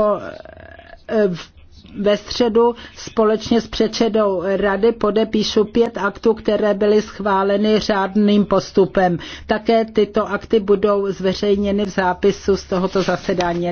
po, jako, e, ve středu společně s předsedou rady podepíšu pět aktů, které byly schváleny řádným postupem. Také tyto akty budou zveřejněny v zápisu z tohoto zasedání.